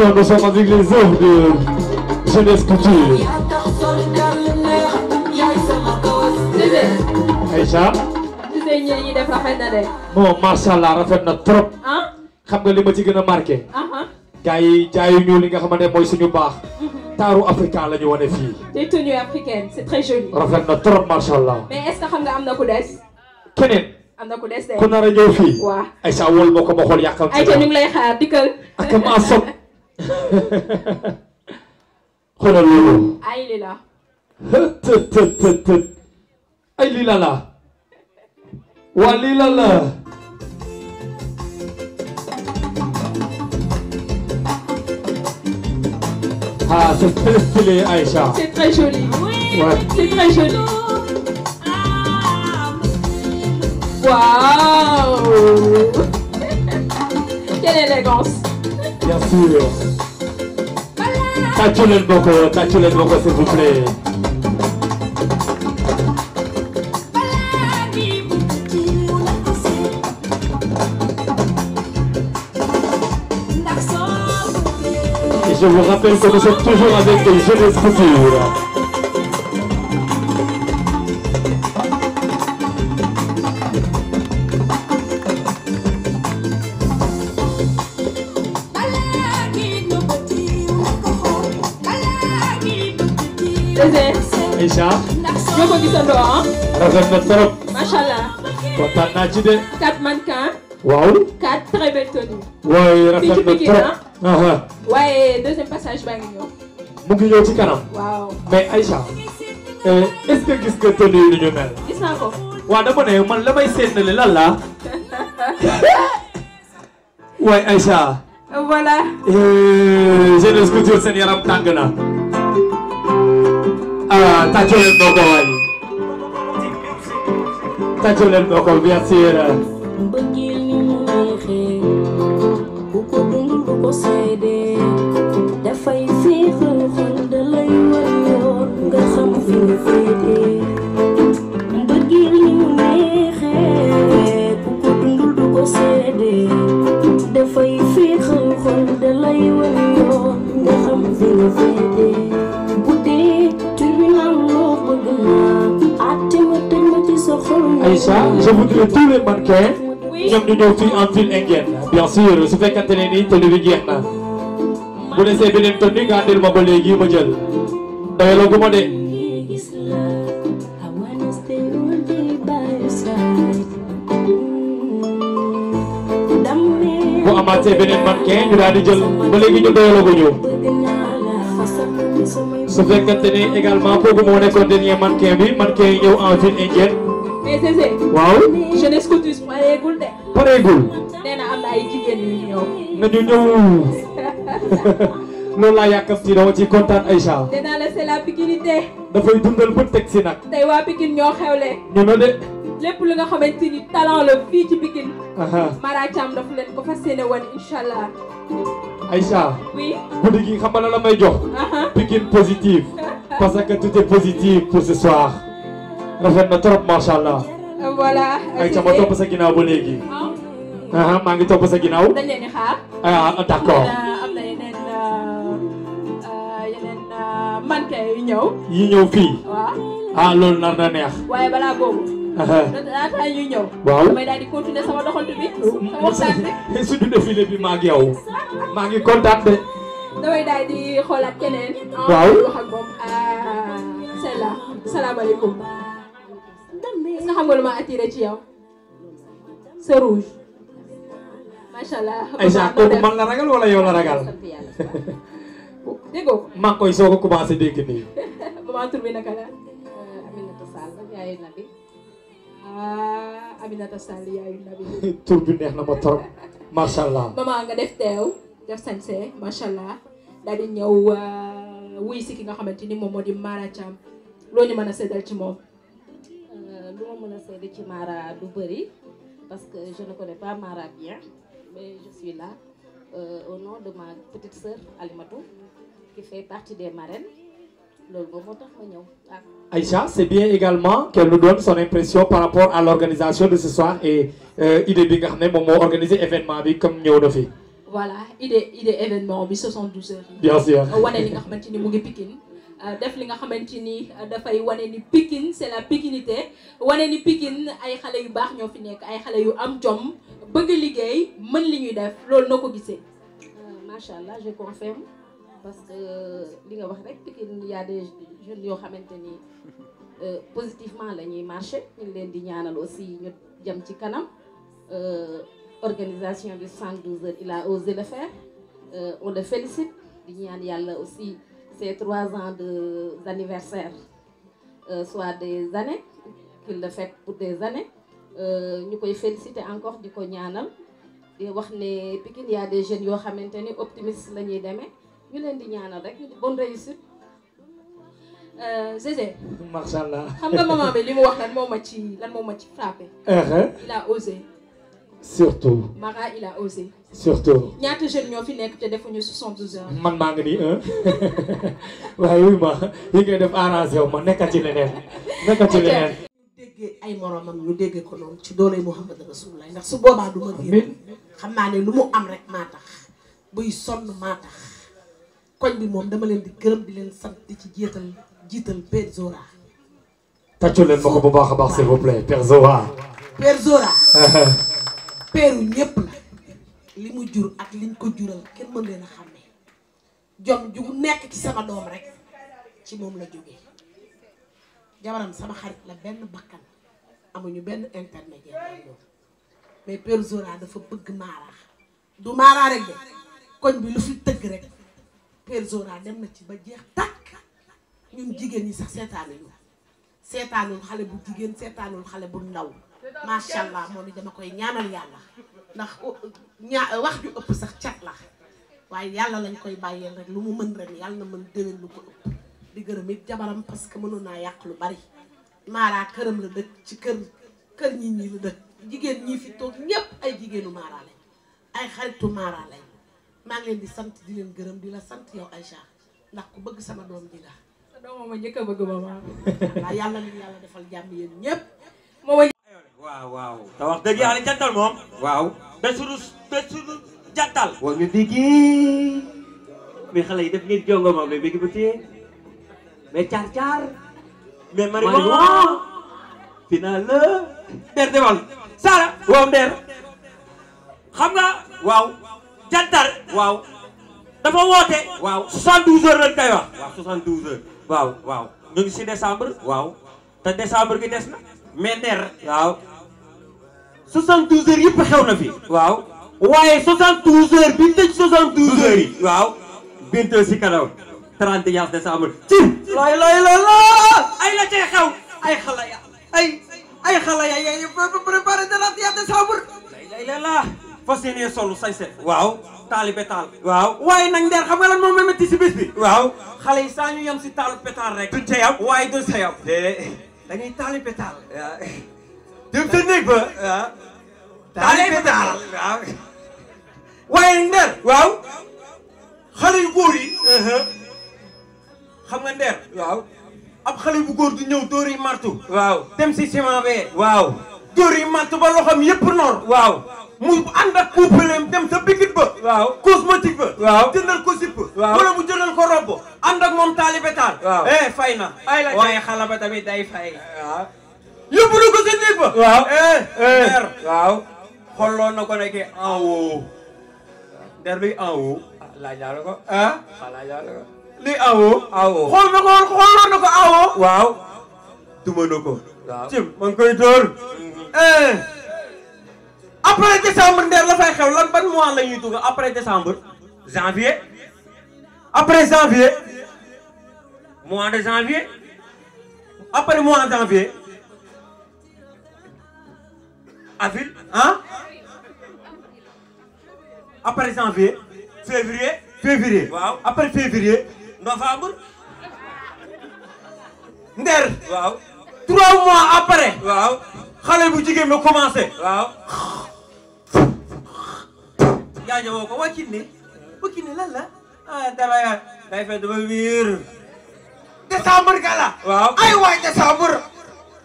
émission nous sommes avec les œuvres de Jeunesse Couture. Aïcha. bon macha allah rafet na trop. xam nga li ma ci gën a marqué. Ah, ah. gars yi jaayu ñu li nga xamante ne mooy suñu baax. Mhm. taaru africain la ñu wane fii. des tenues africaines c'est très joli. rafet na trop macha allah. mais est-ce xam nga am na ku des. keneen. am ku des ku nar a fii. waaw Aïcha wol ma ko ma xool yàqal. lay xaar dikkal. ak ma xoolal loolu. ay li la. të të të të ay lii la la. waa lii la la. ah c'est très stylé Aïcha. c'est très joli. oui ouais. c'est très joli. waouh. quelle élégance. bien sûr. tàccu leen bokk tàccu leen bokk s'il vous plaît. Et je vous rappelle que nous sommes toujours avec des jeunes structures. Aïcha. ñoo ko gisandoo ah. rafet na trop. macha allah. kontaan naa ci de. 4 mannequins. waaw. 4 très belles tenues. waaye rafet na trop ah? waaye deuxième passage baa ngi ñëw. mu ngi ñëw ci kanam. waaw mais Aïcha. Eh, est-ce que gis nga tenue yi ni ñu mel. gis naa ko. waaw dama ne man la may séenale lan la. waaye Aïcha. voilà. Eh, jeunesse couture seen yaram tàng Ah, Taciel Bogoy. Taciel Bogoy, bien sûr. dafay féexal xol da lay war yoon nga xam fi nga féete mbëggeel ni mu neexee ku ko dundul dafay féexal xol da lay war Aïcha je voudrais tous les mannequins ñoom ñu ñëw bi jeex na bu desee beneen tenue ma ba léegi ma jël doyaloo gu ma de bu amaatee beneen mannequin ñu daal di jël ba léegi ñu doyaloo gu ñu su fekkante ne également kooku moo nekkoon dernier mannequin bi mannequin yi ñëw en file indienne Zézé. waaw. jeunesse coutus pareegul de. pareegul. nee na am na ay jigéen yu ñëw. nañu ñëw. loolu laa yàkkas ci dama ci kontaan dafay dundal bët teg si nag. tey waa Pikine ñoo xewle. ñu ne de. lépp lu nga xamante ni talent la fii ci Pikine. Mara Thiam daf leen ko fas yéene woon incha allah. Aïcha. gi xam nga la may jox. Pikine positive. parce que tout est positif rafet na trop macha allah. voilà. ay topp sa ginnaaw ba léegi. Ah. Ah, maa ngi topp sa ginnaaw. dañ leen di xaar. ah, ah d' am na yeneen yeneen yu ñëw. yi ñëw fii. ah loolu nar na neex. waaye balaa boobu. laata ñuy ñëw. waaw damay maa ngi yow. maa ngi kontaan de. damay daal di xoolaat keneen. waaw est xam nga lu ma attiré ci yow sa rouge macha man la ragal wala yow la ragal. dégg maa koy soog a commencé dégg nii. maman tur euh, ah, neex na ma trop macha allah. maman nga def teew def sañse macha daal ñëw euh, wuy si ki nga xamante ni moom moo di Mara Thiam loo ñu mën a seddal ci moom. lu ma mën ci Mara du bëri parce que je ne connais pas Mara bien mais je suis là euh, au nom de ma petite sœur Alimatou qui fait partie des marraines loolu moom moo tax ma ñëw ah. c'est bien également qu'elle nous donne son impression par rapport à l'organisation de ce soir et euh, idée bi nga xam ne moom moo organiser événement bi comme ñëw na fi. voilà idée idée événement bi 72 bien sûr Euh, def li nga xamante ni euh, dafay wane ni Pikine c'est la pikinité wane ni Pikine ay xale yu baax ñoo fi nekk ay xale yu am jom bëgg liggéey mën li ñuy def loolu noo ko gisee. Euh, macha allah je confirme parce que li nga wax rek Pikine y a des jeunes yoo xamante ni positivement la ñuy marché ñu leen di ñaanal aussi ñu jam ci kanam organisation bi 112 heures il a osé le faire on le félicite di ñaan yàlla aussi. ces trois ans d'anniversaire euh, soit des années qu'il le fait pour des années euh, ñu koy féliciter encore di ko ñaanal di wax ne Pikine y des jeunes yoo xamante ni optimiste la ñuy demee ñu leen di ñaanal rek bonne réussite euh, Zézé. macha allah xam nga maman li mu wax lan moo ci lan moo ma ci frappé. Euh, il a osé. surtout. Mara il a osé. surtout. ñaata jeunes ñoo fi nekk te defuñu 72 heures. man maa ngi nii un waaye wuy ma yi ngay def arrangé wu ma nekkati leneen nekkati leneen. ñu déggee ay moromam ñu déggee ko noonu ci doole Muhammad Rasulullah ndax su boobaa du ma génn. xam naa ne lu mu am rek maa tax buy sonn maa tax koñ bi moom dama leen di gërëm di leen sant di ci jiital jiital Père Zora. tàccu leen ma ko bu baax a baax s'il vous plaît Père Zora. Père Zora. peeru ñépp la li mu jur ak liñ ko jural kenn mën leen a ne jom ju nekk ci sama doom rek ci moom la jógee jabaram sama xarit la benn bakkan amuñu benn intermédiaire ak mais Père Zora dafa bëgg Mara du Mara rek koñ bi lu fi tëgg rek Père Zora dem na ci ba jeex tàkk ñun jigéen ñi sax seetaanuñu seetaanuñu xale bu jigéen seetaanuñu xale bu ndaw macha allah moom it dama koy ñaanal yàlla ndax uh, ñaa uh, wax ju ëpp sax cat la waaye yàlla lañ koy bàyyeel rek lu mu mën ren yàlla na mën déwén lu ko ëpp di gërëm it jabaram parce que mënoon naa yàq lu bari maaraa këram la dëkk ci kër kër ñi ñi la dëkk jigéen ñi fi toog ñépp ay jigéenu maaraa lañ ay xaritu maaraa lañ maa ngi leen di sant di leen gërëm di la sant ay Aïcha ndax ku bëgg sama doom ji bëgg yàlla na yàlla defal jàmm yéen ñépp waaw waaw te wax dëgg yàlla jantal moom. waaw ba suñu ba suñu jantal. wax nga bigi mais xale yi def ngeen jongo ma mais bigi bu téye mais caar caar. mais Marigo final la. Nder demal waaw Nder. xam nga. waaw. jantal. waaw. dafa woote. waaw 72 heures lañ koy wax. waaw 72 heures. waaw waaw ñu si décembre. waaw te décembre gi des na. mais Nder. waaw. 72 heures yëpp xew na fi. waaw waaye 72 heures bi tëj 72 heures yi. waaw bint si kanam. 31 décembre ci. lay lay la la ay la cay ay xala ya ay ay xala ya ya préparé 31 décembre. lay lay la fas yéenee solu sañse waaw taali pétaal waaw waaye nag ndeer xam nga lan moom ma métti si bés bi waaw xale yi saa ñu si taalu pétaal rek duñ ca yam waaye duñ ca yam dañuy taali pétaal dem sa néeg ba ah. waaye Nder. waaw. xale yu góor yi. xam nga Nder. waaw. ab xale bu góor du ñëw dóor yi martu. waaw dem si ciment bee. waaw. dóor yi martu ba loxoom yëpp noor. waaw. mu ànd ak puupaleem dem sa bigit ba. waaw cosmétique ba. waaw jëndal ko sipp. waaw wala mu jëndal ko robb. ànd moom taalibe waaw eh fay ay la waaye xale ba day fay. waaw. yóbbu na ko sa néeg ba. waaw der eh, eh. eh. waaw xolloon na ko en haut der luy en haut ah, laajaale ah? ah, en haut en haut en haut waaw duma na ko waaw cim ma ngi koy dóor mm-hmm. après décembre ndeer la fay xew lan ban la ñuy dugg après décembre janvier après janvier mois de janvier après mois de janvier avril ah après janvier février février waaw après février novembre nder waaw trois mois après waaw xale bu jigéen bi commencé waaw yaa ñëwoo ko waa Kine ba Kine lan la ah dama décembre gala waaw ay waay décembre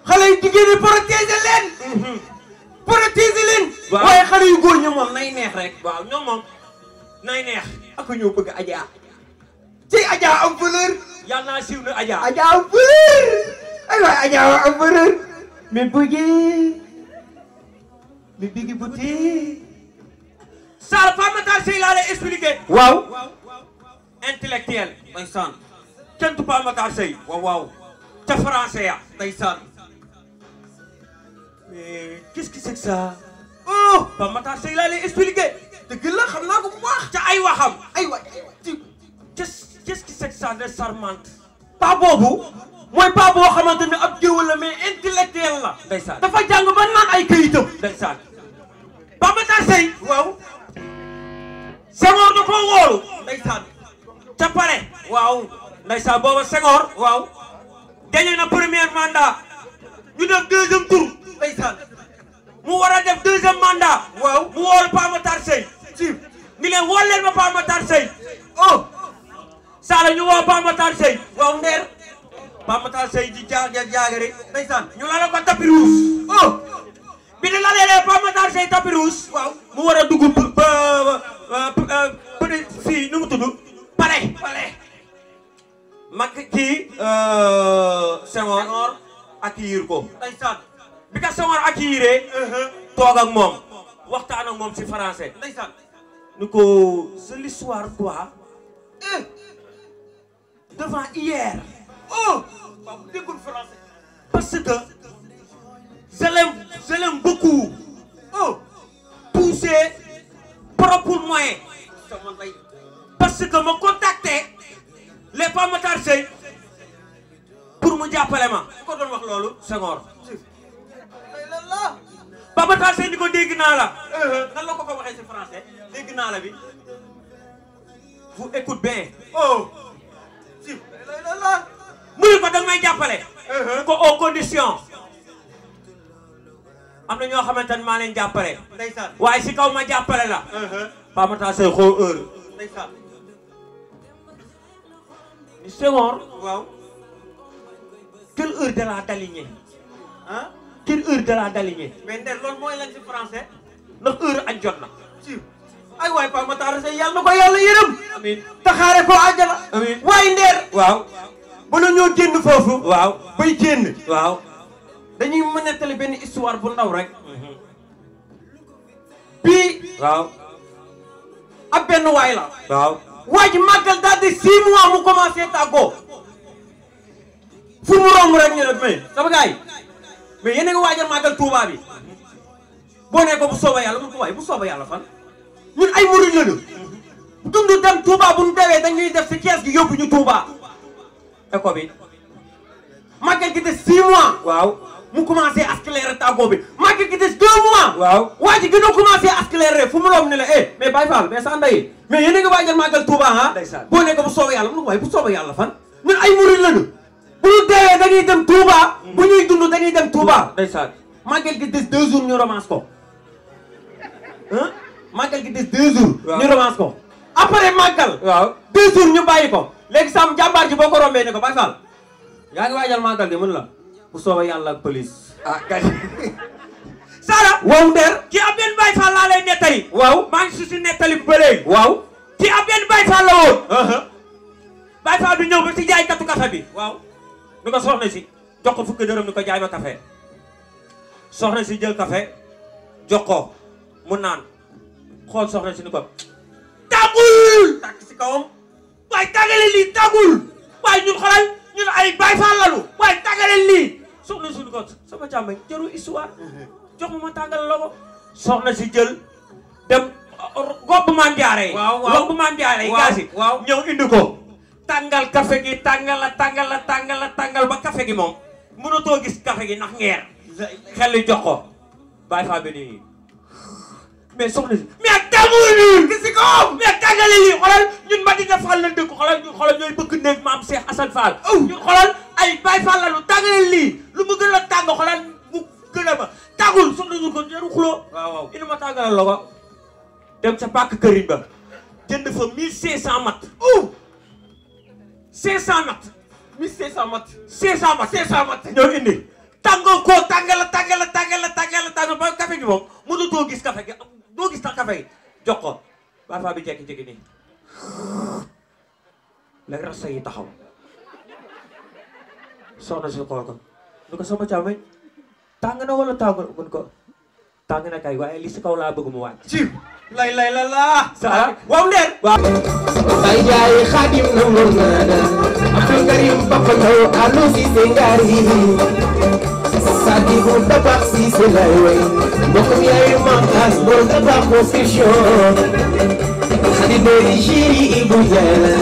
xale yu jigéen yi protéger leen mm-hmm. protéger leen. waaw waaye xale yu góor ñi nay neex rek. waaw ñoom nay neex. ak ñoo bëgg Adja. ci Adja am valeur. yàlla naa siiw na Adja. Adja am valeur. ay waay Adja am valeur. mi bëggee mi bëgg bu tee. Sall Pape Matar Seye expliqué. waaw. intellectuel. ndeysaan. kenn du Pape Matar waaw waaw. ca français ya. ndeysaan. mais qu'est-ce que c'est que laa lay expliqué. dëgg la xam naa ko bu ca ay waxam ay waay qu'est-ce qu'est-ce que c'est paa boobu mooy paa boo xamante ne ab géwël la mais intellectuel la. dafa jàng ba naan ay këyitam. ndeysaan Pape Matar Seye. waaw. Senghor da koo wóolu. ndeysaan ca pare. waaw ndeysaan booba Senghor. waaw. gagné na premier mandat. ñu def deuxième tour. ndeysaan mu war a def deuxième mandat waaw mu woolu Pape Matar Seye si mi leen wool leen ma Pape Matar Seye oh sala ñu woo Pape Matar Seye waaw ndeer Pape Matar Seye di jaaga jaagare ndeysaan ñu lala ko tapis rouge oh bi ne laleelee Pape Matar Seye tapis rouge waaw mu war a dugg peut-être fii nu mu tudd pare pare mag kii euh, Senghor accueillir ko ndeysaan bi ka Senghor acquitté toog ak moom waxtaan ak moom ci français ndeysaan ni ko c'est l'histoire toi eh. devant hier oh déggul français parce que je l'aime je l'aime beaucoup oh. que ma contacté les Pape Matar Seye pour mu jàppale ma ko Senghor Papa Tassé ni ko dégg naa la uh-huh. nan dégg naa la écoute bien oh. mu ne ko danga jàppale uh-huh. ko aux conditions am na ñoo xamante ne maa leen jàppale waaye si kaw ma jàppale la uh-huh. Papa Tassé xoo heure ni seconde waaw quelle heure de ah telle heure danaa daligé. mais Nder mooy lan ci français. ndax heure añ jot na. ay waay Pape Matar Seye yàlla na ko yàlla yërëm. taxaare ko a amiin waaye Nder. waaw ba la ñoo génn foofu. waaw bay génn. waaw dañuy mën a benn histoire bu ndaw rek. Mhm. bii. waaw. ab benn waay la. waaw waa ji màggal daal de six mois mu commencé tàggoo. fu mu romb rek ñu ne mais sama gars mais yeneen a ngi waajal màggal Touba bi boo nee ko bu sooba yàlla bu Touba bu sooba fan ñun ay murid lañu dund dem Touba bu ñu dewee dañuy def si kees gi yóbbu ñu Touba éco bi màggal gi des 6 mois. waaw mu commencé accélérer tàggoo bi màggal gi des 2 mois. waaw waa ji gën a commencé accélérer fu mu room ne la eh mais Baye Fall mais sa nday mais yéen a ngi waajal màggal Touba ah. ndeysaan boo nee ko bu sooba yàlla fan ñun ay murid lañu. bu ñu deewee dañuy dem Touba. bu ñuy dund dañuy dem Touba. ndeysaan màggal gi des deux jours ñu romance ko. ah màggal gi ko. après màggal. waaw deux jours ñu bàyyi ko. léegi Sam jàmbaar ji boo ko rombee ne ko Baye Fall. yaa ngi waajal màggal gi mën la. bu soobee yàlla ak police. ah kay. Sara. waaw Nder. ki ab benn Baye nettali. waaw maa ngi susu nettali ba léegi. waaw ki ab benn la woon. Uh-huh. Baye du ñëw ba ci jaaykatu kafe bi nu ko soxna si jox ko fukki dërëm ni ko jaay ma café soxna si jël kafe jox ko mu naan xool soxna si ni ko tàggul tàkk si kawam waaye tàggale lii tàggul waaye ñun xoolal ñun faal lañu waaye tàggale lii soxna si ni ko sama càmmeñ jëru histoire mhm. jox ma ma tàngal soxna si jël dem gopp mandiaare yi gopp mandiaare yi gaasi ñëw indi ko tàngal kafe gi tàngal la tàngal la tàngal la tàngal ba kafe gi moom mënatoo gis kafe gi nax ngeer xel jox ko bàyyi faa benn yi mais soxna si mais ak tàngoor bi gis ko mais tàngale lii xoolal ñun Madina Fall la dëkk bëgg néeg maam Cheikh Assane Fall ñun xoolal ay Baye Fall la lu tàngale lii lu mu gën a tàng xoolal mu gën a ba tàngul soxna ñu ko jaru xuloo waaw waaw ina ma tàngalal ko dem sa pàkk këriñ ba jënd fa 1500 mat 500 mat. 1500 mat. 500 mat 500 mat ñoo indi. tàngoor koo tàngala tàngala tàngala tàngala ba café gi moom mënu doo gis café gi doo gis tax café gi jox ko ba bi jékki-jékki la rasa taxaw soxna si xool ko lu ko sama càmmeñ tàng na wala tàngoor mun ko tàng na kay waaye li si kaw laa bëgg mu wàcc ci lay lay la ah, si se sadi bu tabax si se lay way mbokkum yaay maam as bor tabax position xadi beri jiri ibu jaala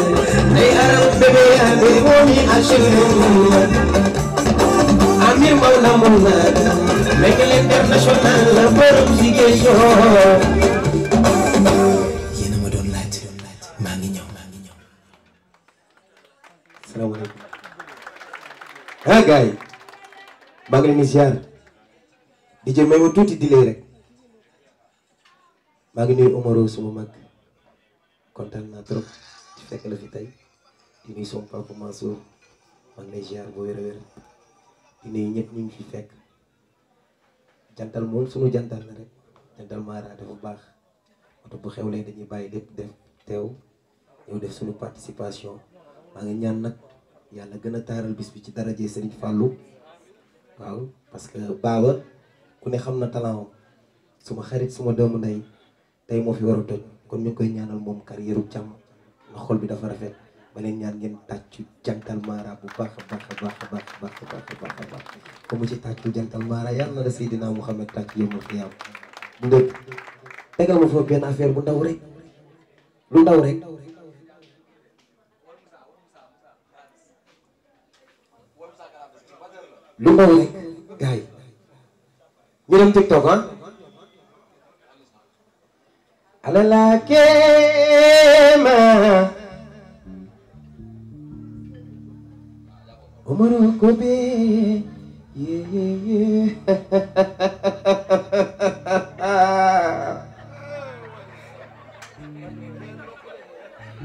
nay arab bebe ade momi ashir amir mawla moom naana léegi l'international la borom Ziguinchor ah gars yi maa ngi leen di ziar di jël may ma tuuti di lay rek maa ngi nuyu Omaro suma mag kontaan naa trop ci fekk la fi tey di nuyu sama papa Mansour maa ngi lay ziar bu wér-wér di nuyu ñëpp ñu ngi fi fekk. jantal moom suñu jantal la rek jantal Mara dafa baax oto bu xew xewlee dañuy bàyyi lépp def teew ñëw def suñu participation maa ngi ñaan nag yàlla gën a taaral bis bi ci daraje seen Fallou waaw parce que baaba ku ne xam na talentam suma xarit suma doomu ndey tey moo fi war a toj kon ñu koy ñaanal moom carrière bu càmm ndax xol bi dafa rafet ma leen ñaan ngeen tàccu jantal maara bu baax a baax a baax a baax a baax a baax a baax ku mu ci tàccu jantal maara yàlla na la Seydina Mouhamed tàcc yow ma xiyaam ndóob tegal ma foofu benn affaire bu ndaw rek lu ndaw rek lu ndaw rek gars yi ñu dem TikTok ah alalakema guru gobi yeah yeah yeah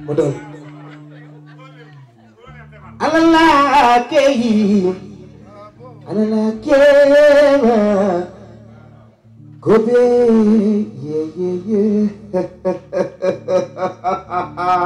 modol alala keyi alala kewa gobi yeah yeah yeah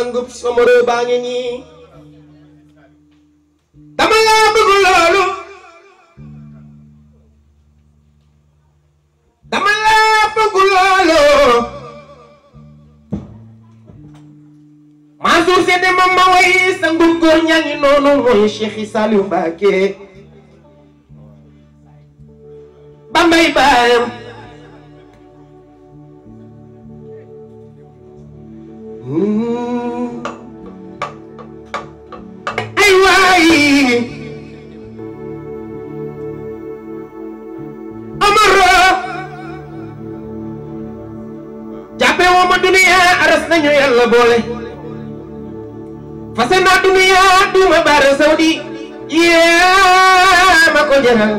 sangub sama réew baa ngi nii dama laa bëgg loolu dama laa bëgg loolu Mansour Sede moom ma way sangub góor ñaa ngi noonu mooy Cheikh Saliou Mbacké Bambay baayam bara sawdi yee ma ko jaral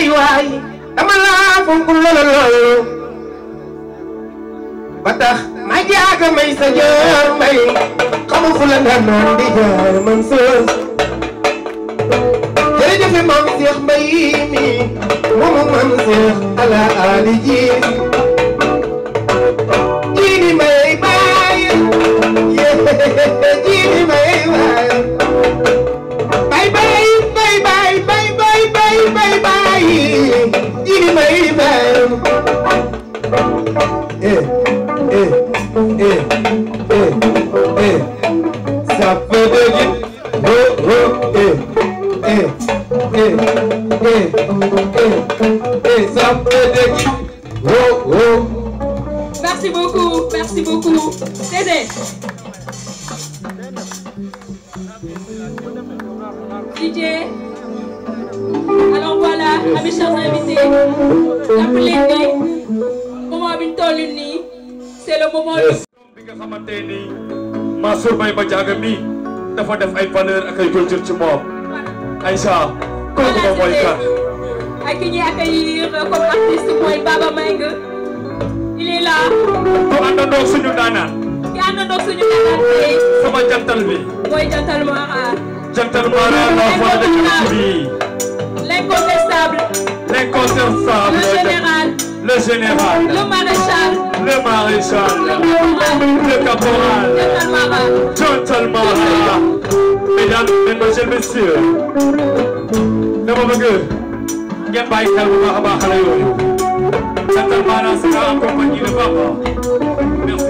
ay waay dama laa fonk lool ba tax ma jaaga may sa joor may xamu fu la nga noon di jaar man soos jërëjëf maam Seex Mbay mi moomu maam Seex ala ali ji demee DJ alors voilà amis chers invités jàpp leen ni moment bi ñu toll c'est le moment bi nga xamante ni Mansour dafa def ay valeur ak ay culture ci moom Aïcha kooku moom mooy kan ak ki ñuy accueillir comme il est là. bu àndandoo suñu daanaan àndandoo suñu xalaat bi. sama jantal bi. mooy jantal Mara. jantal Mara la voix de Koulibaly. l'incontestable. l'incontestable. le général. le général. le maréchal. le maréchal. le caporal. le caporal. jantal Mara. mesdames, mesdemoiselles, messieurs. dama bëgg ngeen bàyyi xel bu baax a baax xale yooyu. jantal Mara sera en compagnie de papa. merci.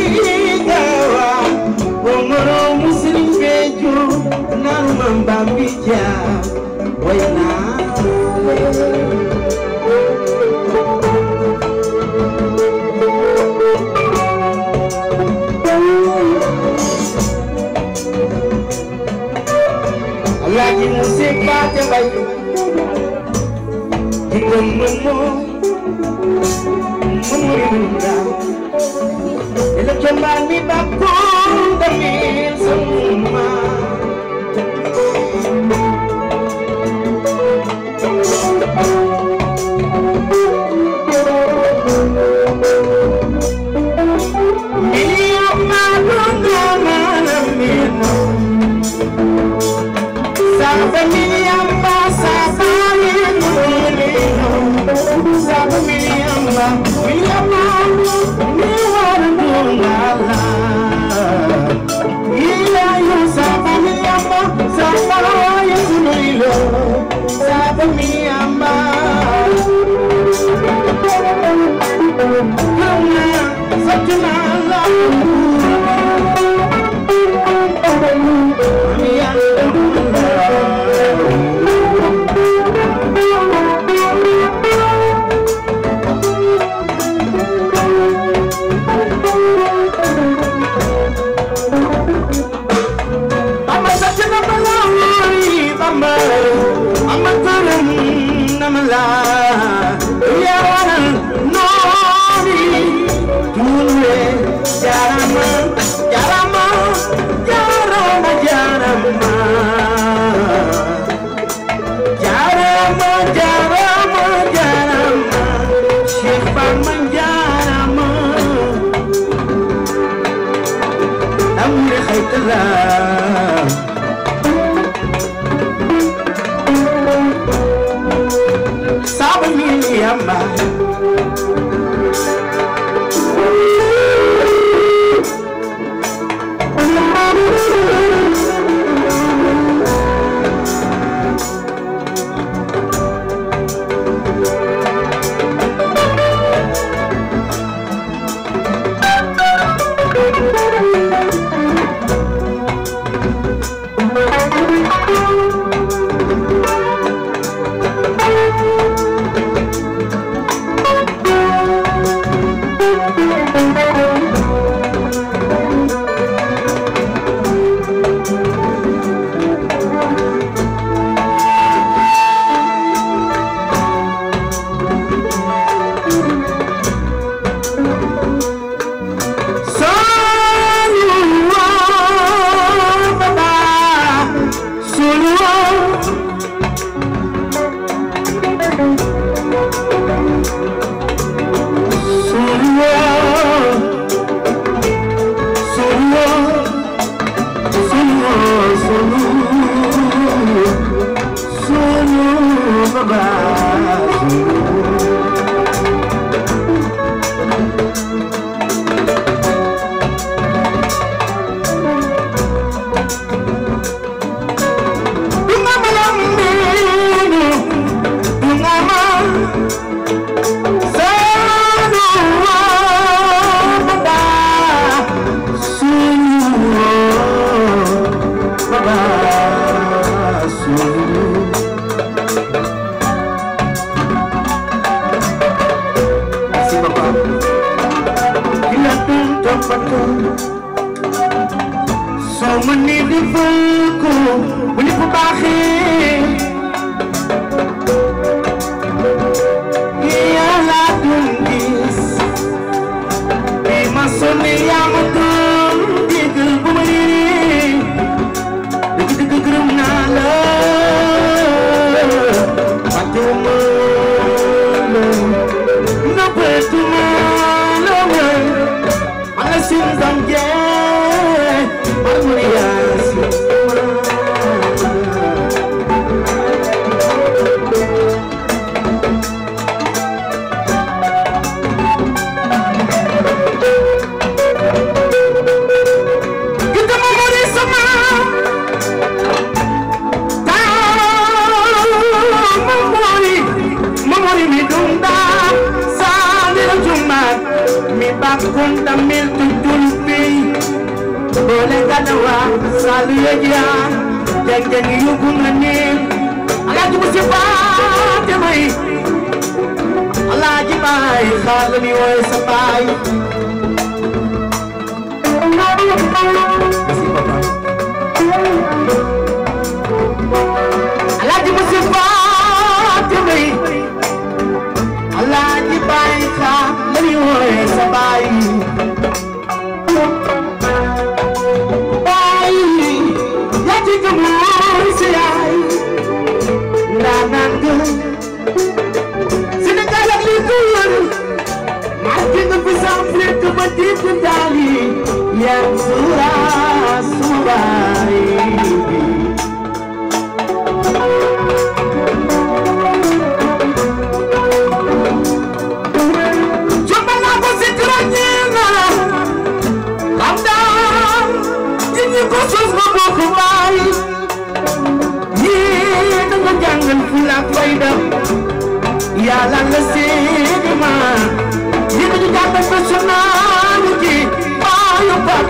mbaam bi jaam way naa Alaaji Muse Paate Mbay di ko mën mooy mën mooy mën daal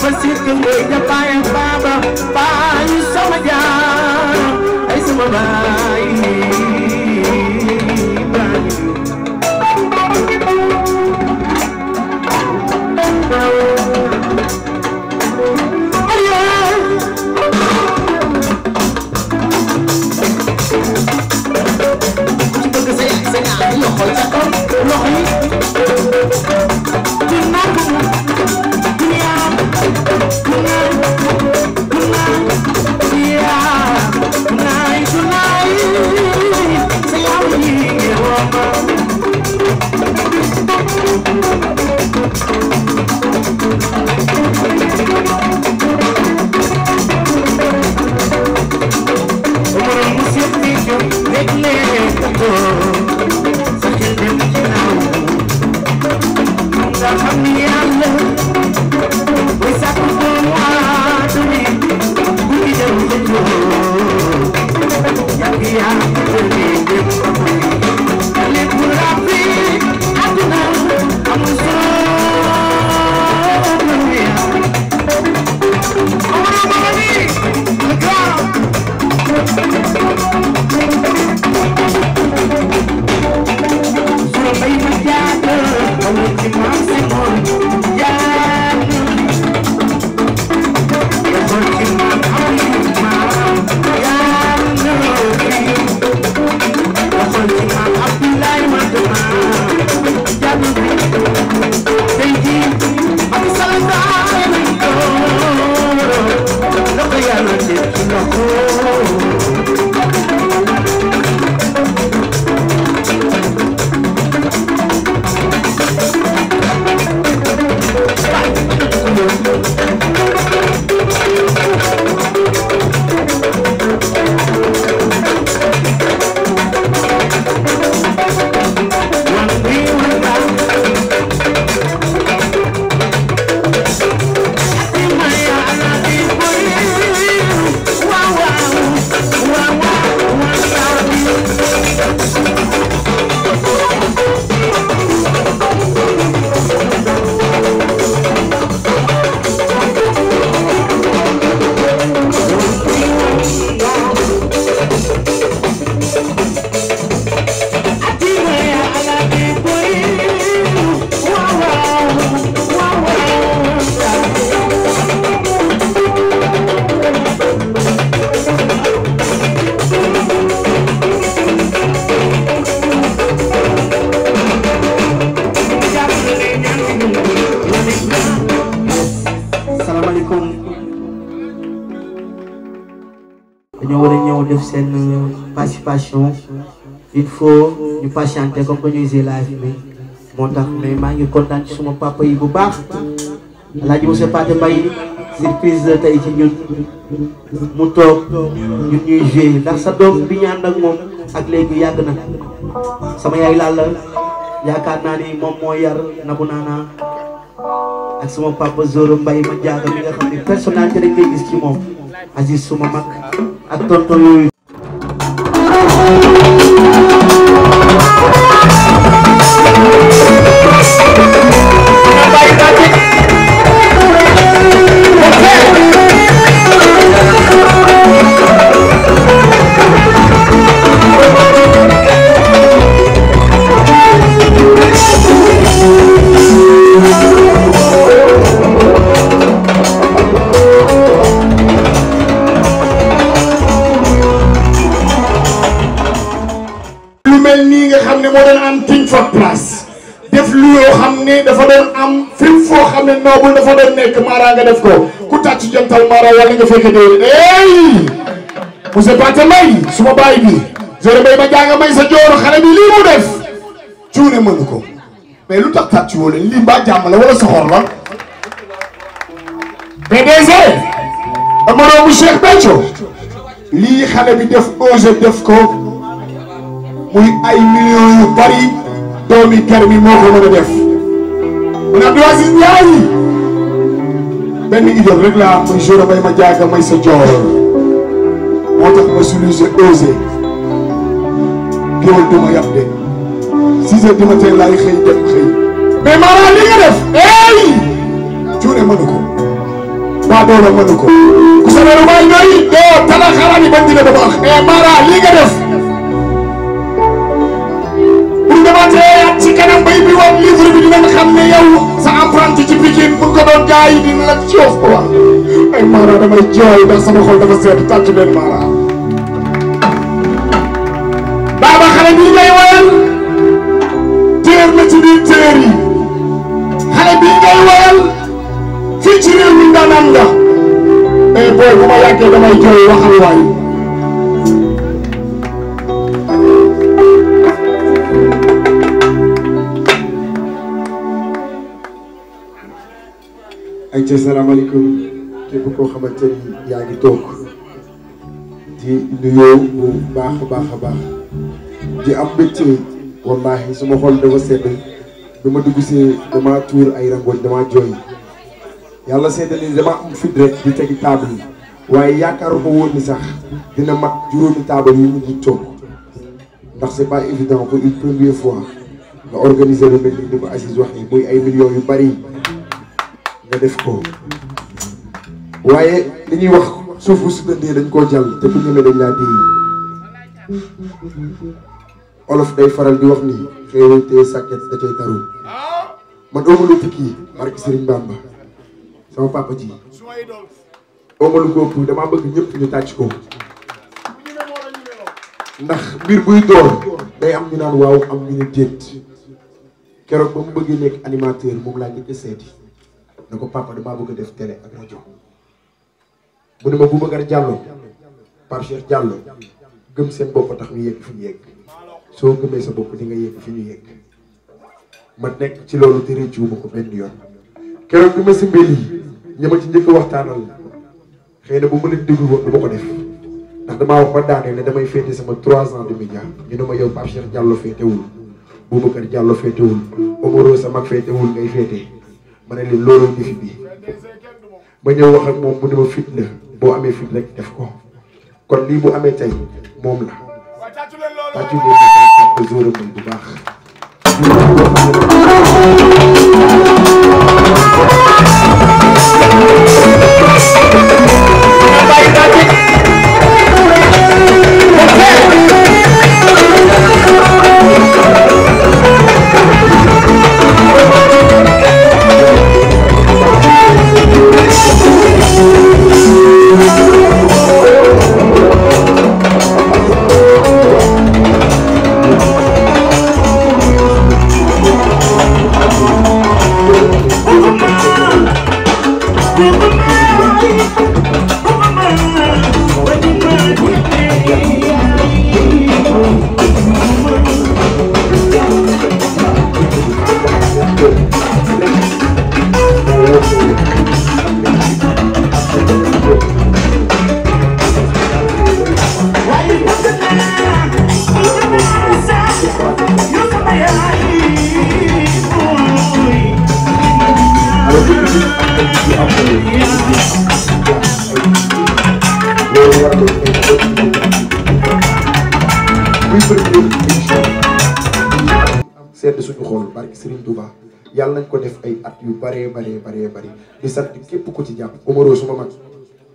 ba sikk ngay ja baay ak baaba baay sama jaar ay sama baay Loxo yi Thank you. chanté comme que ñuy si live bi moo tax mais maa ngi kontaan ci suma papa yi bu baax alaaji monsieur Pathé Mbaye surprise la tey ci ñun mu toog ñun ñuy joué ndax sa doom bi ñaan ak moom ak léegi yàgg na sama yaay laal la yaakaar naa ni moom moo yar nabu naana ak sama papa Zoro Mbaye ma jaaga mi nga xam ne personnalité rek ngay gis ci moom Aziz suma mag ak tonton yooyu dafa doon nekk Mara nga def ko ku tàcc jantal Mara wala nga fekk déwén ey monsieur Pate May su ma bàyyi bi jore bay ma jàng may sa jooro xale bi lii mu def cuune mënu ko mais lu tax tàcc woo leen lii mbaa jàmm la wala soxor la PDG ama doomu Cheikh Béthio lii xale bi def projet def ko muy ay millions yu bari doomi garmi moo ko mën a def mu ne Abdou Aziz Ndiaye benn idole rek laa am muy Jola ma jaaga may sa joor moo ma solution osé géwél du ma yàpp de six heures du matin laay xëy dem xëy mais maanaam li nga def ey cuune mënu ko waa doole ku sa ne lu may doo tala xarani bañ dina ba baax mais maanaam li nga def wootee ci kanam bay bi woon livre bi dinañ xam ne yow sa apprenti ci Pikine bu ko doon jaay dina la coof ko wax jooy ndax sama xol dafa sedd xale bi ngay woyal téer ci biir téer yi xale bi ngay woyal fii ci réew mi ndaanaan nga e booy ay ci salaamaaleykum képp koo xamante ni yaa ngi toog di nuyoo bu baax a baax a baax di am mbégte wallaahi suma xol dafa sedd bi ma dugg si dama tuur ay rangoon dama jooy yàlla sedda ni dama am fit rek di tegi table yi waaye yaakaaruma woon ni sax dina mag juróomi table yi ñu toog ndax c'est pas évident pour une première fois nga organiser lu mel ni ko Aziz wax ni muy ay millions yu bari nga def ko waaye li ñuy wax suuf bu sukkandee dañ koo jàll te bu ñemee dañ laa diri olof day faral di wax ni xéewal te sàkket da cay taru man oomalu tukki barke Sëriñ Bamba sama papa ji oomalu kooku damaa bëgg ñëpp ñu tàcc ko ndax mbir buy door day am ñu naan waaw am ñu ne déet keroog ba mu bëggee nekk animateur moom laa njëkk seeti ne ko papa damaa bëgg a def télé ak rajo mu ne ma Boubacar Diallo Pape Cheikh Diallo gëm seen bopp tax ñu yegg fi ñu yegg soo gëmee sa bopp di nga yegg fi ñu yegg ma nekk ci loolu te rëccuwuma ko benn yoon keroog bi ma si mbéy ñi ci njëkk waxtaanal xëy na bu ma leen déglu woon ko def ndax damaa wax ba daanee ne damay féete sama trois ans de média ñu ne ma yow Pape Cheikh Diallo féetewul Boubacar Diallo féetewul Omaro sa féetewul ngay féete ma ne leen looloo jëf bi ma ñëw wax ak moom mu ne ma fit boo amee fit rek def ko kon lii bu amee tey moom la tàccu leen ko bu baax sedd suñu xool barki Serigne Touba yàlla nañ ko def at yu bare baree baree bari di sant képp ku ci suma mag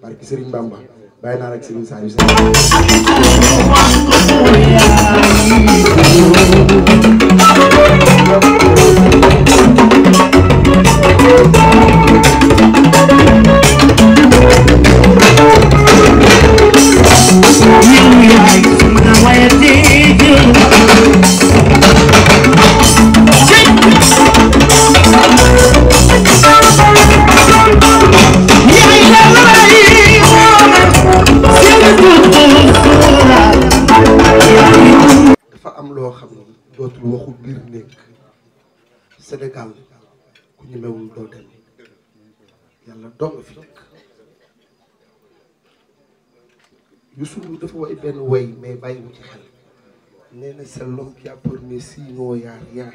barki Serigne Bamba bàyyi naa rek Serigne Saliou Sall Sénégal ku ñemewul doo dem yàlla dong fi dëkk Youssou Ndour dafa woy benn woy mais bàyyiwu ci xel nee na c'est l'homme qui a y a rien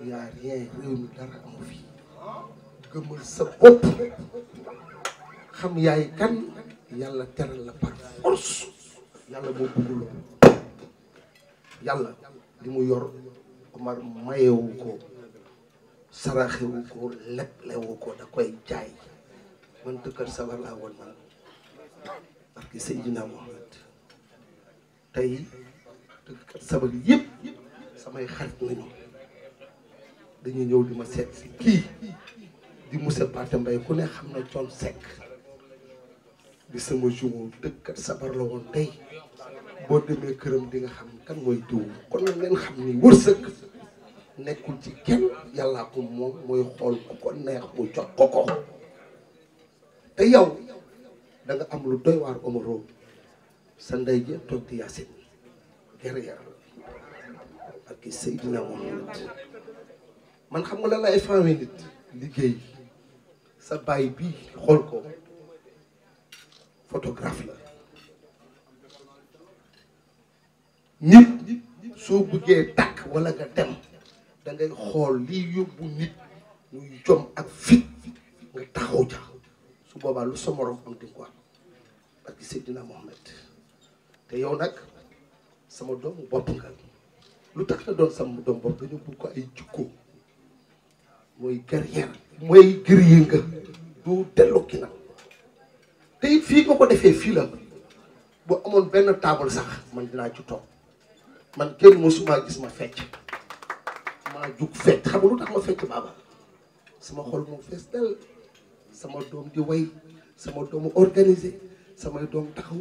y rien réew dara amu fi gëmal sa bopp xam yaay kan yàlla teral la par force yàlla moo bëgg yàlla li mu yor Omar mayewu ko saraxewu ko leblewu ko da koy jaay man tëkkër sabar laa woon man parce que Seydina Mohamed tey tëkkër sabar yëpp samay xarit nañu dañuy ñëw di ma seet si kii di monsieur Pathé Mbaye ku ne xam na coon sekk di sama jumo tëkkër sabar la woon tey boo demee këram di xam kan mooy tuub kon leen xam ni wërsëg nekkul ci kenn yàllaa ko moom mooy xool ku ko neex mu jox ko ko te yow da nga am lu doy waar Omaro sa ndey ja toog yaasin guerrier ak Seydina Muhammad man xam nga la lay faawe nit liggéey sa baay bii xool ko photographe la nit soo bëggee tàkk wala nga dem da ngay xool liy yóbbu nit muy jom ak fit nga taxaw ja su boobaa lu sa morom am di ko te yow nag sama doomu bopp doon sama ko ay jikko mooy guerrier mooy guerrier nga du dellu ginnaaw te it fii nga ko defee fii la bu amoon benn taabal sax man dinaa ci toog man kenn mosuma gis ma fecc maa jug fecc xam nga lu tax ma fecc baaba sama xol moom fees dal sama doom di way sama doomu organisé samay doom taxaw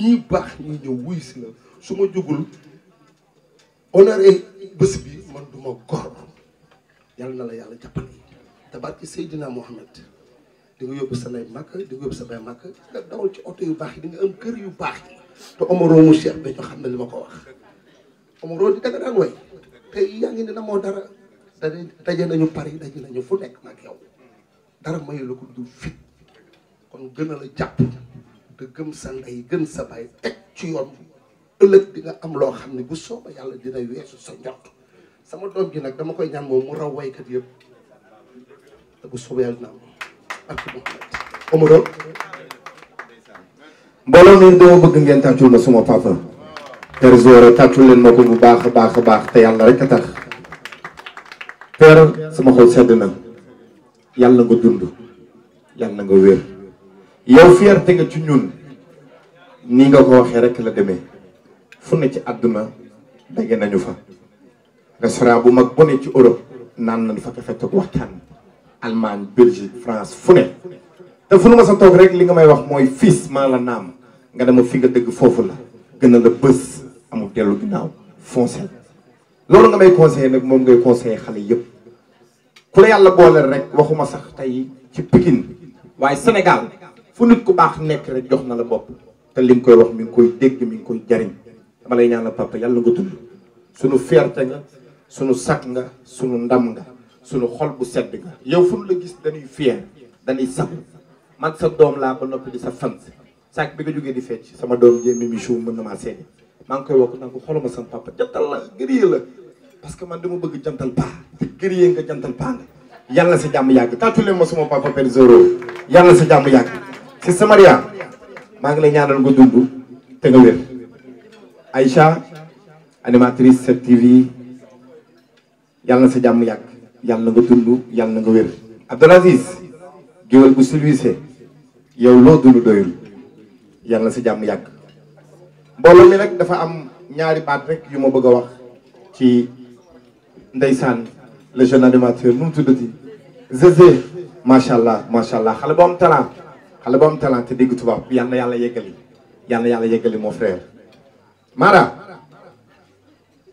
ñi baax ñi ñëw wuy si la su ma jugul honoré bés bi man du ma gor yàlla na la yàlla jàppale te barke Seydina Mohamed di nga yóbbu sa lay màkk di nga yóbbu sa bay nga dawal ci oto yu baax yi di nga am kër yu baax yi te Omaro mu Cheikh ba ñoo xam ne li ma ko wax Omaro di danga daan way te yaa ngi ne na moo dara daje nañu yi daje nañu fu nekk nag yow dara mayu la ko dul fit kon gën la jàpp te gëm gën sa baay teg ci yoon ëllëg di nga am loo xam ne bu sooba yàlla dina weesu sa njort sama doom gi nag dama koy ñaan moom mu raw waykat yëpp bu sooba yàlla dina am ak Omaro mbooloo mi dama bëgg ngeen tàccul ma suma papa Père Zora tàttu ma ko bu baax a baax baax te yàlla rek a tax Père sama xol sedd na yàlla nga dund yàlla nga wér yow fierté nga ci ñun nii nga ko waxee rek la demee fu ne ci àdduna dege nañu fa restaurant bu mag bu ci Europe naan na nañ fa kafe toog waxtaan Allemagne Belgique France fu ne te fu nu ma sa toog rek li nga may wax mooy fils maa la naam nga dama fi nga dëgg foofu la gën bës amul dellu ginnaaw foncé loolu nga may conseillé nag moom ngay conseil xale yëpp ku la yàlla booleel rek waxuma sax tey ci Pikine waaye Sénégal fu nit ku baax nekk rek jox na la bopp te li nga koy wax mi ngi koy dégg mi ngi koy jariñ dama lay ñaanal papa yàlla nga tudd suñu fierté nga sunu sakk nga sunu ndam nga sunu xol bu sedd nga yow fu nu la gis dañuy fier dañuy sax man sa doom laa ba noppi di sa fan saak bi nga jógee di fecc sama doom jéem émission mën na maa maa ngi koy woo naan ko xoolal ma sama papa jantal la gërëyee la parce que man dama bëgg jantal paa te gërëyee nga jantal paa nga yàlla sa jàmm yàgg tàttule ma sama papa Père yàlla sa jàmm yàgg si Samaria maa ngi lay ñaanal nga dund te nga wér Aïcha animatrice 7TV yàlla sa jàmm yàgg yàlla nga dund yàlla nga wér Abdoul Aziz géwél bu silwisee yow loo dund doyul yàlla sa jàmm yàgg mbooloo mi nag dafa am ñaari baat rek yu ma bëgg a wax ci ndeysaan le jeune animateur nu mu tuddati Zézé macha allah macha allah xale bu am talent xale bu am talent te dégg tubaab yal na yàlla yeggali yal na yàlla yeggali mon frère. Mara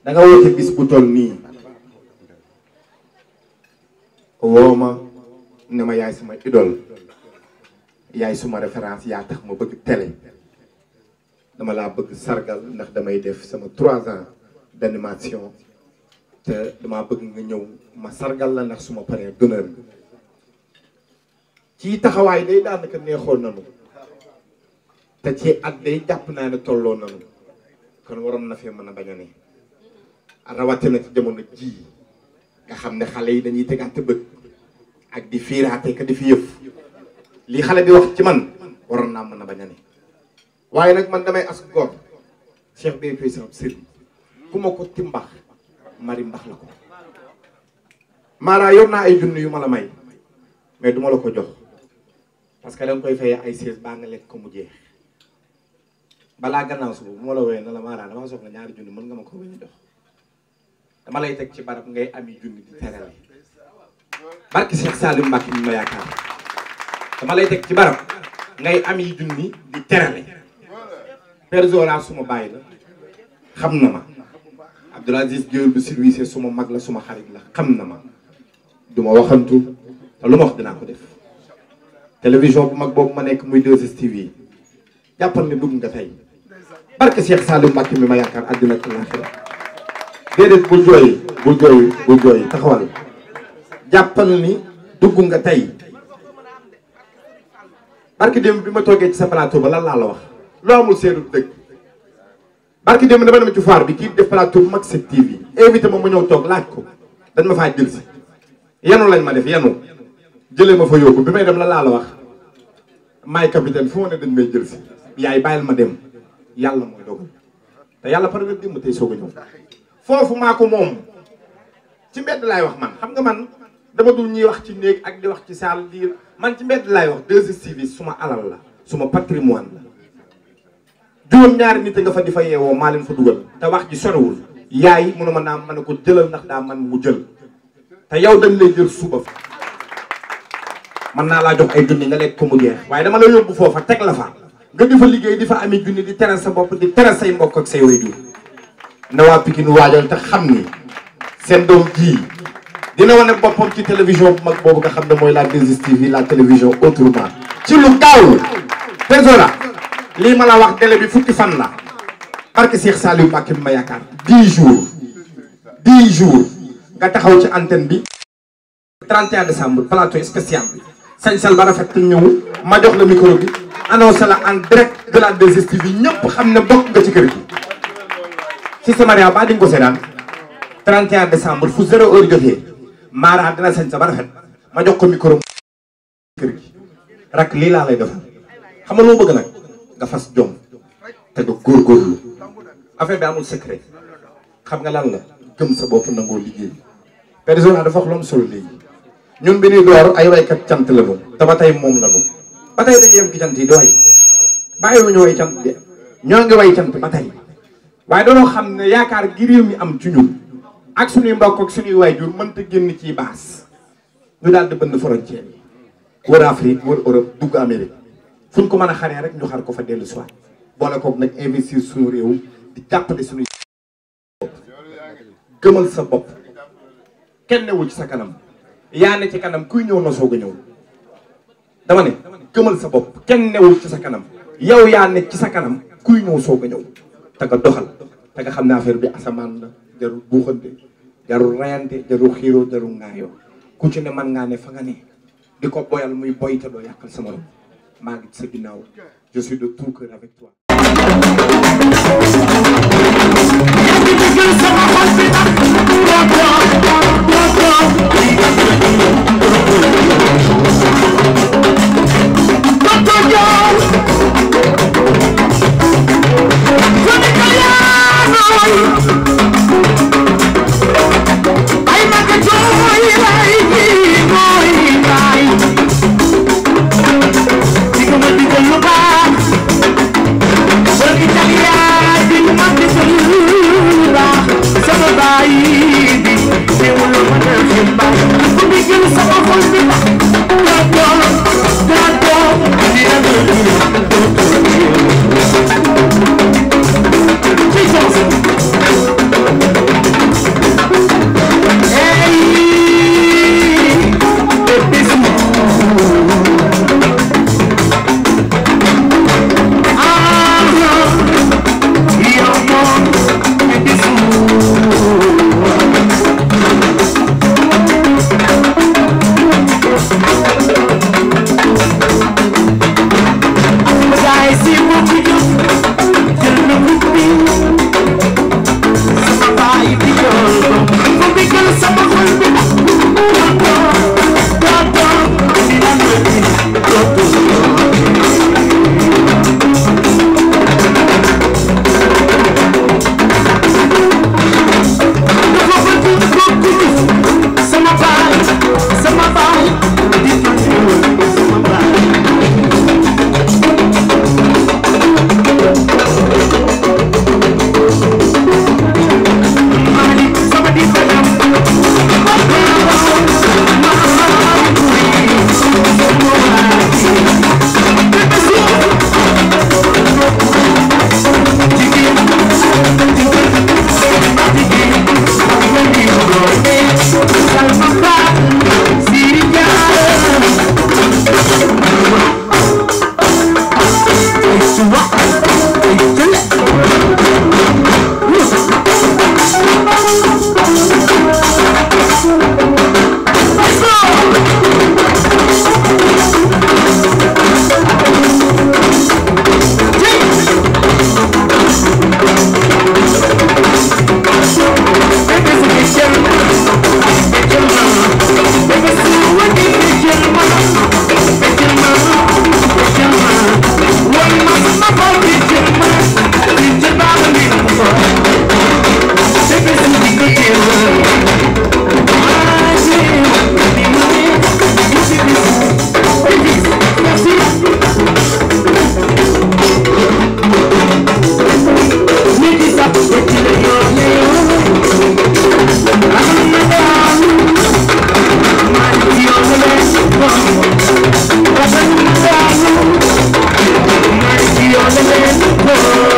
da nga woote bis bu toll nii ma ne ma yaay sama idole yaay suma référence yaa ma bëgg télé. dama laa bëgg sargal ndax damay def sama trois ans d'animation te dama bëgg nga ñëw ma sargal la ndax suma paree d'honneur bi ci taxawaay day daanaka neexoon nanu te ci at day jàpp naa ne tolloo nanu kon waroon na fee mën a bañ a ne rawatina ci jamono ji nga xam ne xale yi dañuy tegaate bët ak di fiiraate ka di fi yëf li xale bi wax ci man waroon naa mën a bañ a ne waaye nag man damay as góor Cheikh Béye Faye Samb sëriñ ku ma ko timbax mari mbax la ko maanaam yor naa ay junni yu ma la may mais duma la ko jox parce que danga koy fayee ay sées baa nga lekk ko mu jeex balaa gannaaw suba bu ma la woowee na la maanaam dama soxla mën nga ko bañ jox dama lay teg ci barab ngay ami junni di terale barki Cheikh Salim Mbacke mi ma yaakaar dama lay teg ci barab ngay ami junni di terale Père Zola suma bàyyi la xam na ma Abdoul Aziz Diol bu service suma mag la suma xarit la xam na ma du ma waxantu te lu ma wax dinaa ko def télévision bu mag boobu ma nekk muy 2STV yi jàppal ne bëgg nga tey barke Cheikh Saliou Mbacke mi ma yaakaar àddina ak laaxira déedéet bu jooy bu jooy bu jooy taxawal jàppal ni dugg nga tey barke bi ma toogee ci sa plateau ba lan laa la wax loo amul seenu dëkk barki démb dama dem ci foire bi kii def plateau mag set TV invité ma ma ñëw toog laaj ko dañ ma faa jël si yanu lañ ma def yanu jëlee ma fa yóbbu bi may dem la laa la wax maay capitaine fu ma ne dañ may jël si yaay bàyyil ma dem yàlla mooy dogal te yàlla pare na démb tey soog a ñëw foofu maa ko moom ci mbedd laay wax man xam nga man dama dul ñuy wax ci néeg ak di wax ci saal di man ci mbedd laay wax 2STV suma alal la suma patrimoine la juróom-ñaari nit nga fa di fa yeewoo maa leen fa dugal te wax ji soriwul yaay mënu ma naa mën na ko jëlal ndax daa man mu jël te yow dañ lay jël suba mën naa laa jox ay junni nga lekk ko waaye dama la yóbbu foofa teg la fa nga di fa liggéey di fa amee junni di tere sa bopp di tere say mbokk ak say waajur na waa Pikine waajal te xam ni seen doom ji dina wane boppam ci télévision bu mag boobu nga xam ne mooy la 2STV la télévision autrement ci lu gaaw Tézora lii ma la wax délai bi fukki fan la barke Cheikh Saliou Mbacké bi ma yaakaar dix jours dix jours nga taxaw ci antenne bi 31 décembre plateau spécial bi sañsal ba rafet te ñëw ma jox la micro bi annoncé la en bi de la 2STV yi ñëpp xam ne bokk nga ci kër gi si samaria ba di nga ko seetaan 31 décembre fu zéro heure jotee Mara dina sañ ba rafet ma jox ko micro kër gi rak lii laa lay defal xam nga bëgg nag nga fas jom te nga góorgóorlu affaire bi amul secret xam nga lan la gëm sa bopp nangoo liggéey président dafa wax lu am solo léegi ñun bi ñuy door ay waykat cant la ñu te ba tey moom la ñu ba tey dañuy yem ci cant yi dooy bàyyiwuñu way cant de ñoo ngi way cant ba tey waaye dañoo xam ne yaakaar gi réew mi am ci ñun ak suñuy mbokk ak suñuy waajur mënta génn ci baas ñu daal di bënd frontière yi wër Afrique wër Europe dugg Amérique fu ñu ko mën a xaree rek ñu xar ko fa dellu si waat boole koog nag investir suñu réew di jàppale suñu gëmal sa bopp kenn newu ci sa kanam yaa ne ci kanam kuy ñëw soog a ñëw dama ne gëmal sa bopp kenn newul ci sa kanam yow yaa ne ci sa kanam kuy ñëw soog a ñëw te nga doxal te nga xam ne affaire bi asamaan la jarul buuxante jarul rayante jarul xiiroo jarul ngaayoo ku ci ne man ngaa ne fa nga ne di ko boyal muy boy te doo yàqal sa morom maa ngi sa ginnaaw je suis de tout cœur avec toi. Thank you. Thank you.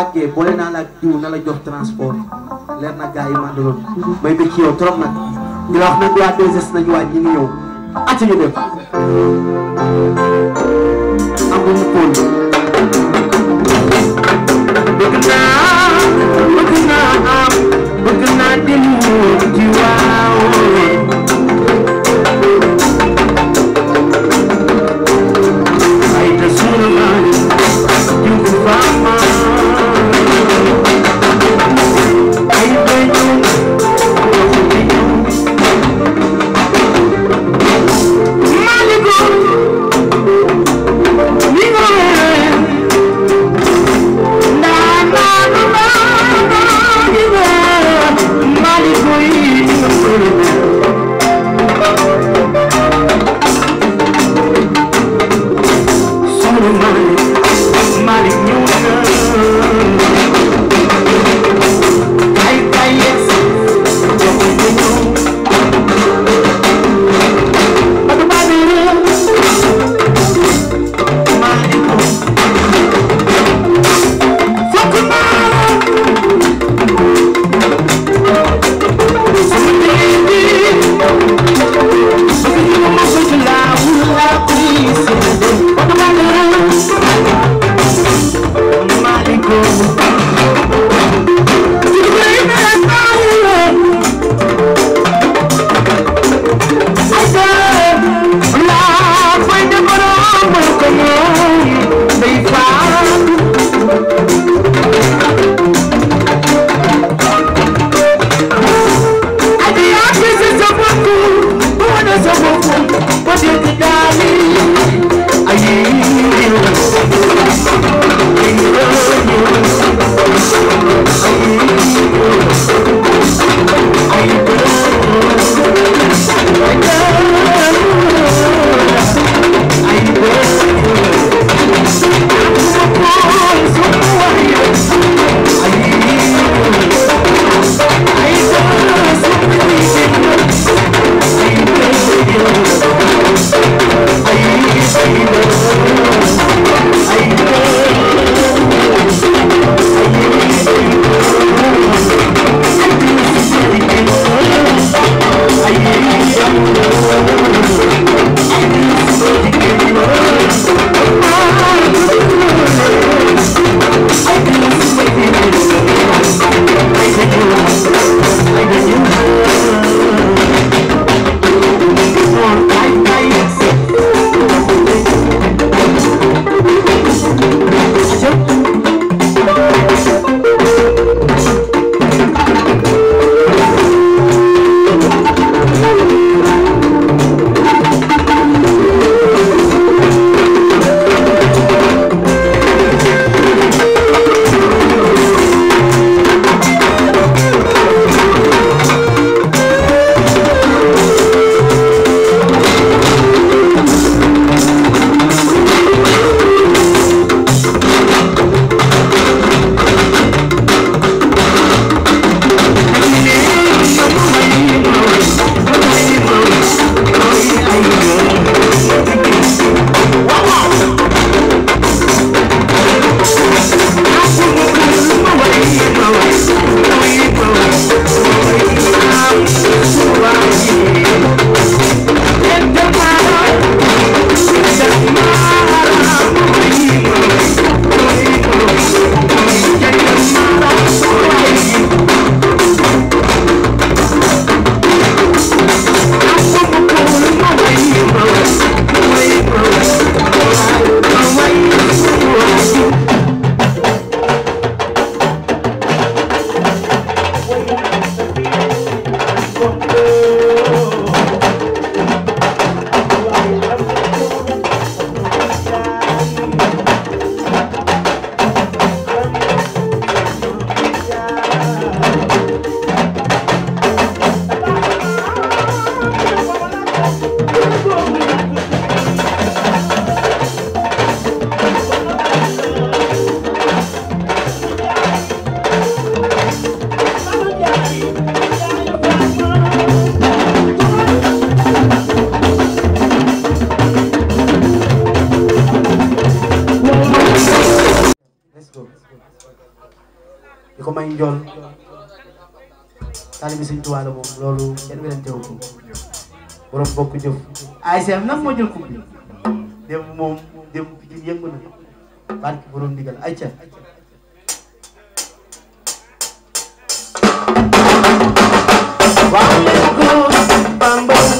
àggee boole naa la ak diw na la jox transport leer na gars yi ma àndaloon may bëgg ci yow trop nag di la nag waa 2S nañu waa ñi njool taalibi Sëñ Tuubaa la kenn weneen teew ko borom bokk jëf ay seem nag moo jël coupe bi dem moom dem Pikine na barki borom ndigal ay ca Bamba